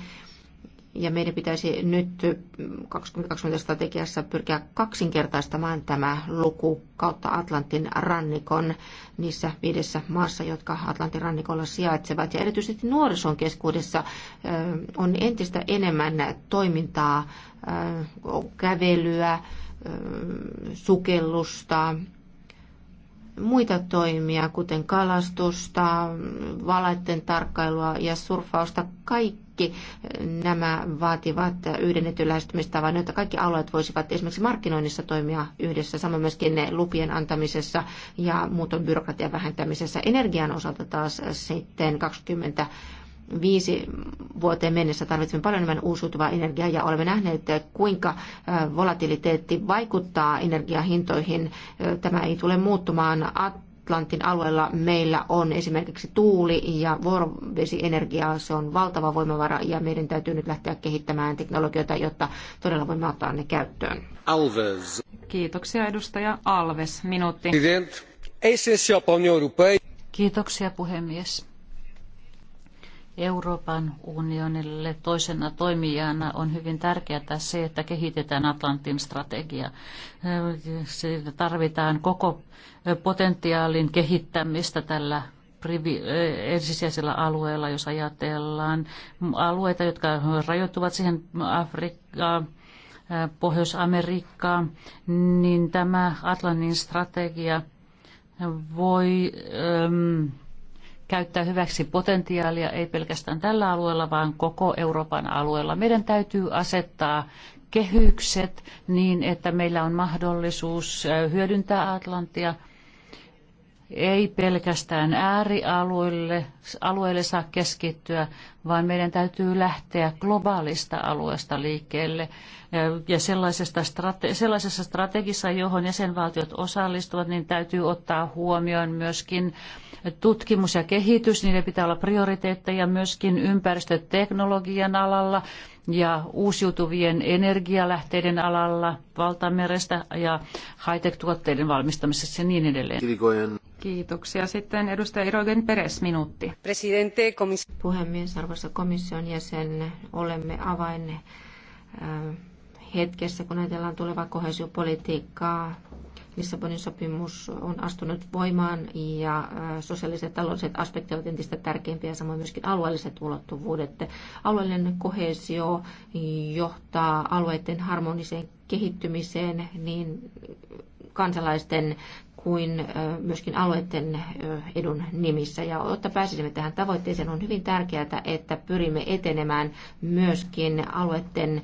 Ja meidän pitäisi nyt 2020 strategiassa pyrkiä kaksinkertaistamaan tämä luku kautta Atlantin rannikon niissä viidessä maassa, jotka Atlantin rannikolla sijaitsevat. Ja erityisesti nuorison keskuudessa on entistä enemmän toimintaa, kävelyä, sukellusta, muita toimia, kuten kalastusta, valaitten tarkkailua ja surfausta, kaikki nämä vaativat yhdennetyn lähestymistavan, että kaikki alueet voisivat esimerkiksi markkinoinnissa toimia yhdessä, samoin myöskin ne lupien antamisessa ja muuton byrokratian vähentämisessä. Energian osalta taas sitten 20 viisi vuoteen mennessä tarvitsemme paljon enemmän uusiutuvaa energiaa ja olemme nähneet, kuinka volatiliteetti vaikuttaa energiahintoihin. Tämä ei tule muuttumaan. Atlantin alueella meillä on esimerkiksi tuuli- ja vuorovesienergiaa. Se on valtava voimavara ja meidän täytyy nyt lähteä kehittämään teknologioita, jotta todella voimme ottaa ne käyttöön. Alves. Kiitoksia edustaja Alves. Minuutti. Kiitoksia puhemies Euroopan unionille toisena toimijana on hyvin tärkeää se, että kehitetään Atlantin strategia. Siinä tarvitaan koko potentiaalin kehittämistä tällä eh, ensisijaisella alueella, jos ajatellaan alueita, jotka rajoittuvat siihen Afrikkaan, eh, Pohjois-Amerikkaan, niin tämä Atlantin strategia voi ähm, käyttää hyväksi potentiaalia ei pelkästään tällä alueella, vaan koko Euroopan alueella. Meidän täytyy asettaa kehykset niin, että meillä on mahdollisuus hyödyntää Atlantia ei pelkästään äärialueille alueille saa keskittyä, vaan meidän täytyy lähteä globaalista alueesta liikkeelle ja sellaisesta strate- sellaisessa strategissa, johon jäsenvaltiot osallistuvat, niin täytyy ottaa huomioon myöskin tutkimus ja kehitys, niiden pitää olla prioriteetteja myöskin ympäristöteknologian alalla ja uusiutuvien energialähteiden alalla valtamerestä ja high-tech-tuotteiden valmistamisessa ja niin edelleen. Kiitoksia. Sitten edustaja Irogen Peres, minuutti. Presidente, komis- Puhemies, arvoisa komission jäsen, olemme avain äh, hetkessä, kun ajatellaan tulevaa kohesiopolitiikkaa. Lissabonin sopimus on astunut voimaan ja äh, sosiaaliset ja taloudelliset aspektit ovat entistä tärkeimpiä, samoin myöskin alueelliset ulottuvuudet. Alueellinen kohesio johtaa alueiden harmoniseen kehittymiseen niin kansalaisten kuin myöskin alueiden edun nimissä. Ja jotta pääsisimme tähän tavoitteeseen, on hyvin tärkeää, että pyrimme etenemään myöskin alueiden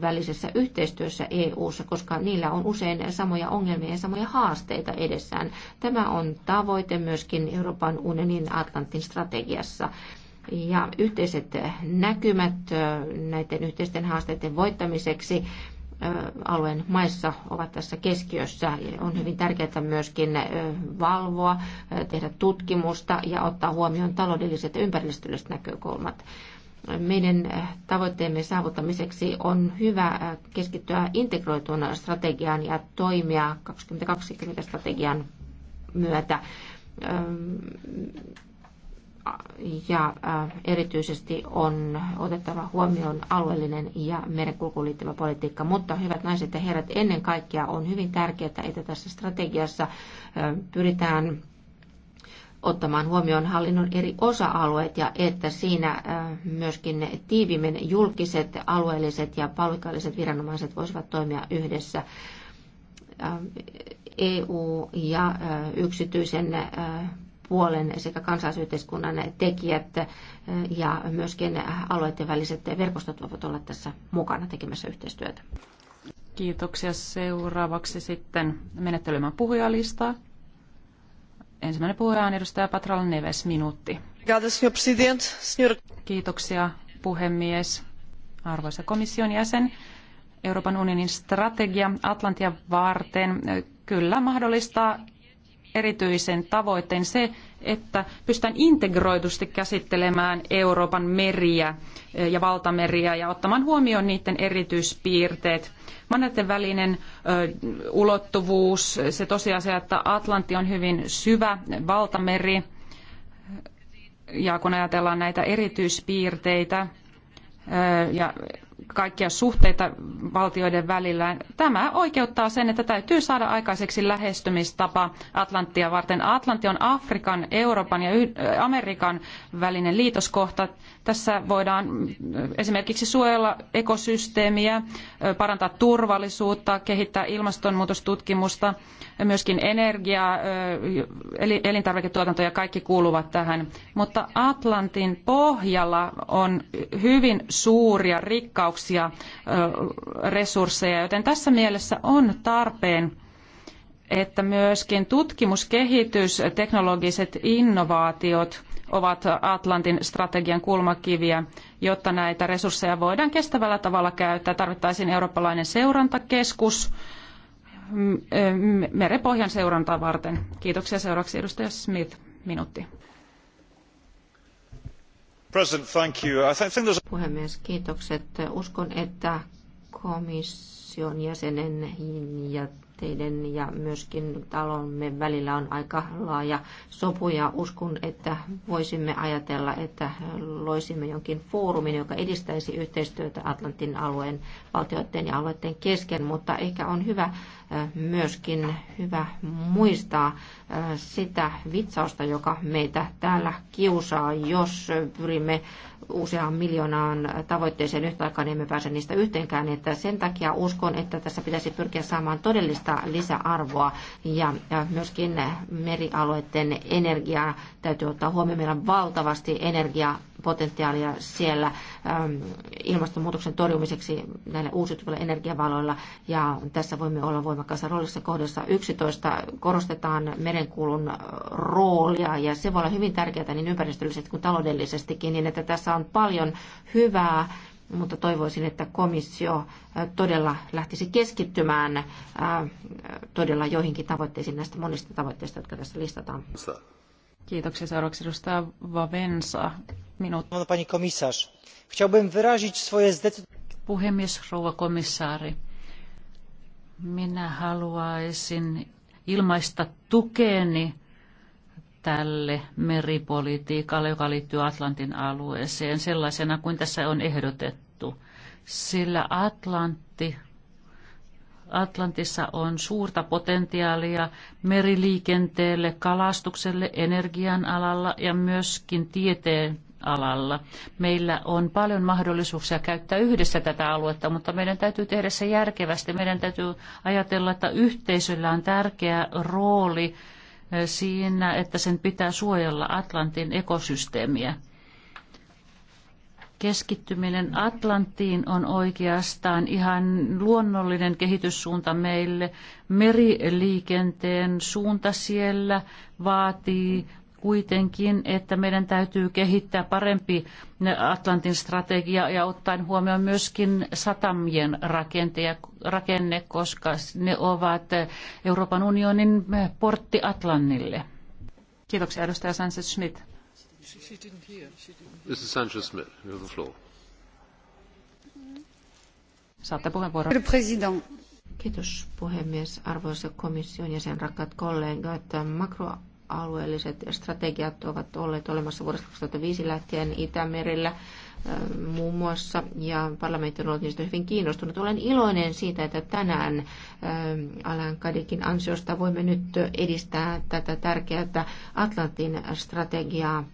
välisessä yhteistyössä eu koska niillä on usein samoja ongelmia ja samoja haasteita edessään. Tämä on tavoite myöskin Euroopan unionin Atlantin strategiassa ja yhteiset näkymät näiden yhteisten haasteiden voittamiseksi alueen maissa ovat tässä keskiössä. On hyvin tärkeää myöskin valvoa, tehdä tutkimusta ja ottaa huomioon taloudelliset ja ympäristölliset näkökulmat meidän tavoitteemme saavuttamiseksi on hyvä keskittyä integroituun strategiaan ja toimia 2020 strategian myötä ja erityisesti on otettava huomioon alueellinen ja merenkulkuun liittyvä politiikka. Mutta hyvät naiset ja herrat, ennen kaikkea on hyvin tärkeää, että tässä strategiassa pyritään ottamaan huomioon hallinnon eri osa-alueet ja että siinä myöskin tiivimmin julkiset, alueelliset ja paikalliset viranomaiset voisivat toimia yhdessä. EU ja yksityisen puolen sekä kansalaisyhteiskunnan tekijät ja myöskin alueiden väliset verkostot voivat olla tässä mukana tekemässä yhteistyötä. Kiitoksia. Seuraavaksi sitten menettelymään puhujalistaa. Ensimmäinen puhuja on edustaja Patral Neves, minuutti. Kiitoksia puhemies. Arvoisa komission jäsen, Euroopan unionin strategia Atlantia varten kyllä mahdollistaa erityisen tavoitteen se, että pystytään integroidusti käsittelemään Euroopan meriä eh, ja valtameriä ja ottamaan huomioon niiden erityispiirteet. Mannerten välinen eh, ulottuvuus, se tosiasia, että Atlantti on hyvin syvä valtameri, ja kun ajatellaan näitä erityispiirteitä eh, ja kaikkia suhteita valtioiden välillä. Tämä oikeuttaa sen, että täytyy saada aikaiseksi lähestymistapa Atlanttia varten. Atlantti on Afrikan, Euroopan ja Amerikan välinen liitoskohta. Tässä voidaan esimerkiksi suojella ekosysteemiä, parantaa turvallisuutta, kehittää ilmastonmuutostutkimusta myöskin energia, elintarviketuotanto ja kaikki kuuluvat tähän. Mutta Atlantin pohjalla on hyvin suuria rikkauksia, resursseja, joten tässä mielessä on tarpeen että myöskin tutkimuskehitys, teknologiset innovaatiot ovat Atlantin strategian kulmakiviä, jotta näitä resursseja voidaan kestävällä tavalla käyttää. Tarvittaisiin eurooppalainen seurantakeskus, Mm, merenpohjan seurantaa varten. Kiitoksia seuraavaksi edustaja Smith. Minuutti. Puhemies, kiitokset. Uskon, että komission jäsenen ja lähteiden ja myöskin talomme välillä on aika laaja sopu ja uskon, että voisimme ajatella, että loisimme jonkin foorumin, joka edistäisi yhteistyötä Atlantin alueen valtioiden ja alueiden kesken, mutta ehkä on hyvä äh, myöskin hyvä muistaa äh, sitä vitsausta, joka meitä täällä kiusaa, jos pyrimme useaan miljoonaan tavoitteeseen yhtä aikaa, niin emme pääse niistä yhteenkään. Että sen takia uskon, että tässä pitäisi pyrkiä saamaan todellista lisäarvoa ja myöskin merialueiden energiaa täytyy ottaa huomioon. Meillä on valtavasti energiaa potentiaalia siellä ähm, ilmastonmuutoksen torjumiseksi näillä uusiutuvilla energiavaloilla. Ja tässä voimme olla voimakkaassa roolissa kohdassa 11. Korostetaan merenkulun roolia ja se voi olla hyvin tärkeää niin ympäristöllisesti kuin taloudellisestikin, niin että tässä on paljon hyvää mutta toivoisin, että komissio äh, todella lähtisi keskittymään äh, todella joihinkin tavoitteisiin näistä monista tavoitteista, jotka tässä listataan. Kiitoksia. Seuraavaksi edustaja Vavensa. Minut. No, pani komisarz, chciałbym wyrazić swoje zdecydowanie... Puhemies, rouva komissaari. Minä haluaisin ilmaista tukeeni tälle meripolitiikalle, joka liittyy Atlantin alueeseen sellaisena kuin tässä on ehdotettu. Sillä Atlantti Atlantissa on suurta potentiaalia meriliikenteelle, kalastukselle, energian alalla ja myöskin tieteen alalla. Meillä on paljon mahdollisuuksia käyttää yhdessä tätä aluetta, mutta meidän täytyy tehdä se järkevästi. Meidän täytyy ajatella, että yhteisöllä on tärkeä rooli eh, siinä, että sen pitää suojella Atlantin ekosysteemiä keskittyminen Atlanttiin on oikeastaan ihan luonnollinen kehityssuunta meille. Meriliikenteen suunta siellä vaatii kuitenkin, että meidän täytyy kehittää parempi Atlantin strategia ja ottaen huomioon myöskin satamien rakenne, koska ne ovat Euroopan unionin portti Atlannille. Kiitoksia edustaja Sanchez-Schmidt. She, she didn't hear. She didn't hear. Mrs. Sanchez Smith, you have the floor. Saatte puheenvuoron. President. Kiitos puhemies, arvoisa komission jäsen, rakkaat kollegat. Makro alueelliset strategiat ovat olleet olemassa vuodesta 2005 lähtien Itämerillä muun muassa, ja parlamentti on ollut niistä hyvin kiinnostunut. Olen iloinen siitä, että tänään Alan Kadikin ansiosta voimme nyt edistää tätä tärkeää Atlantin strategiaa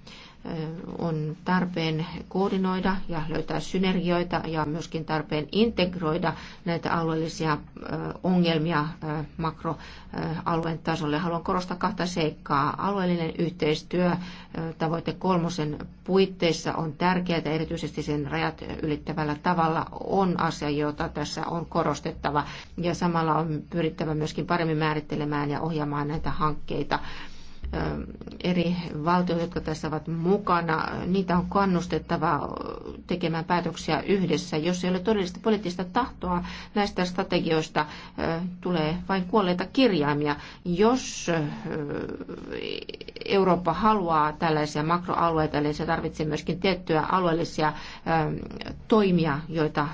on tarpeen koordinoida ja löytää synergioita ja myöskin tarpeen integroida näitä alueellisia ongelmia makroalueen tasolle. Haluan korostaa kahta seikkaa. Alueellinen yhteistyö tavoite kolmosen puitteissa on tärkeää, erityisesti sen rajat ylittävällä tavalla on asia, jota tässä on korostettava ja samalla on pyrittävä myöskin paremmin määrittelemään ja ohjaamaan näitä hankkeita Ähm, eri valtioita, jotka tässä ovat mukana, niitä on kannustettava tekemään päätöksiä yhdessä. Jos ei ole todellista poliittista tahtoa, näistä strategioista äh, tulee vain kuolleita kirjaimia. Jos äh, Eurooppa haluaa tällaisia makroalueita, eli niin se tarvitsee myöskin tiettyjä alueellisia ähm, toimia, joita äh,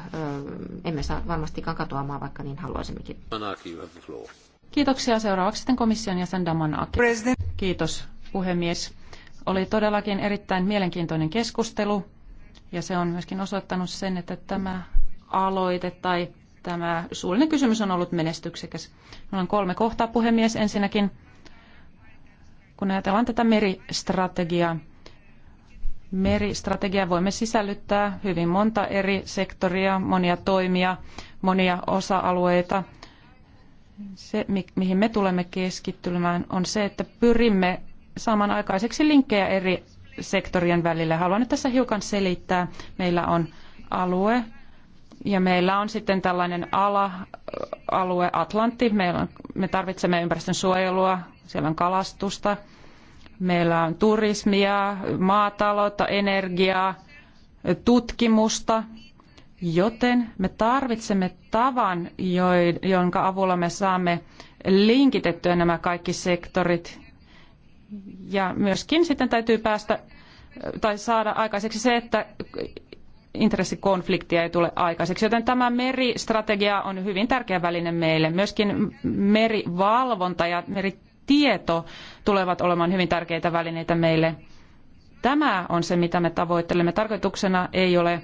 emme saa varmastikaan katoamaan, vaikka niin haluaisimmekin. you have the floor. Kiitoksia. Seuraavaksi sitten komission jäsen Damanaki. Kiitos puhemies. Oli todellakin erittäin mielenkiintoinen keskustelu ja se on myöskin osoittanut sen, että tämä aloite tai tämä suullinen kysymys on ollut menestyksekäs. Meillä on kolme kohtaa puhemies. Ensinnäkin, kun ajatellaan tätä meristrategiaa, meristrategia voimme sisällyttää hyvin monta eri sektoria, monia toimia, monia osa-alueita – se, mihin me tulemme keskittymään, on se, että pyrimme saamaan aikaiseksi linkkejä eri sektorien välillä. Haluan nyt tässä hiukan selittää. Meillä on alue ja meillä on sitten tällainen ala, alue Atlantti. Meillä on, me tarvitsemme ympäristön suojelua, siellä on kalastusta, meillä on turismia, maataloutta, energiaa, tutkimusta – Joten me tarvitsemme tavan, jonka avulla me saamme linkitettyä nämä kaikki sektorit. Ja myöskin sitten täytyy päästä tai saada aikaiseksi se, että intressikonfliktia ei tule aikaiseksi. Joten tämä meristrategia on hyvin tärkeä väline meille. Myöskin merivalvonta ja meritieto tulevat olemaan hyvin tärkeitä välineitä meille. Tämä on se, mitä me tavoittelemme. Tarkoituksena ei ole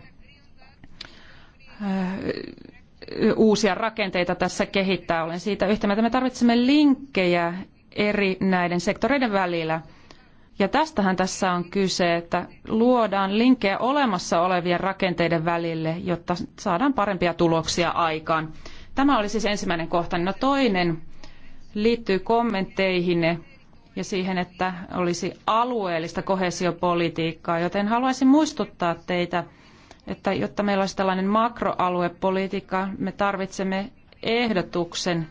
Äh, uusia rakenteita tässä kehittää. Olen siitä yhtä mieltä. Me tarvitsemme linkkejä eri näiden sektoreiden välillä. Ja tästähän tässä on kyse, että luodaan linkkejä olemassa olevien rakenteiden välille, jotta saadaan parempia tuloksia aikaan. Tämä oli siis ensimmäinen kohta. No toinen liittyy kommentteihin ja siihen, että olisi alueellista kohesiopolitiikkaa, joten haluaisin muistuttaa teitä – että jotta meillä olisi tällainen makroaluepolitiikka, me tarvitsemme ehdotuksen.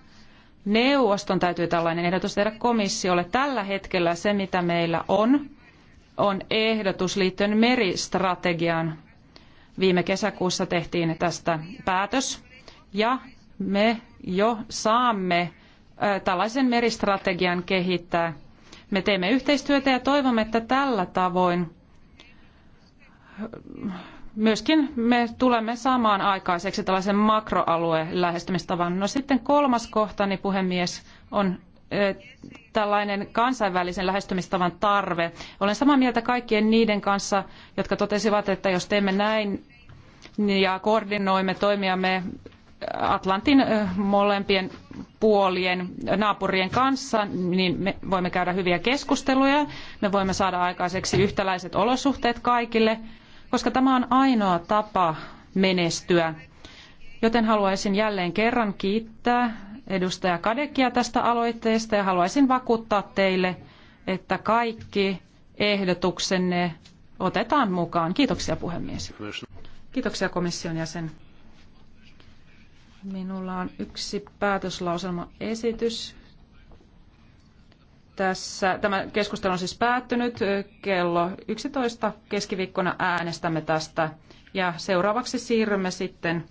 Neuvoston täytyy tällainen ehdotus tehdä komissiolle. Tällä hetkellä se, mitä meillä on, on ehdotus liittyen meristrategiaan. Viime kesäkuussa tehtiin tästä päätös ja me jo saamme tällaisen meristrategian kehittää. Me teemme yhteistyötä ja toivomme, että tällä tavoin myöskin me tulemme saamaan aikaiseksi tällaisen makroalueen lähestymistavan. No sitten kolmas kohtani, niin puhemies, on tällainen kansainvälisen lähestymistavan tarve. Olen samaa mieltä kaikkien niiden kanssa, jotka totesivat, että jos teemme näin niin ja koordinoimme toimiamme Atlantin molempien puolien naapurien kanssa, niin me voimme käydä hyviä keskusteluja, me voimme saada aikaiseksi yhtäläiset olosuhteet kaikille – koska tämä on ainoa tapa menestyä. Joten haluaisin jälleen kerran kiittää edustaja Kadekia tästä aloitteesta ja haluaisin vakuuttaa teille, että kaikki ehdotuksenne otetaan mukaan. Kiitoksia puhemies. Kiitoksia komission jäsen. Minulla on yksi päätöslauselmaesitys tässä, tämä keskustelu on siis päättynyt. Kello 11 keskiviikkona äänestämme tästä. Ja seuraavaksi siirrymme sitten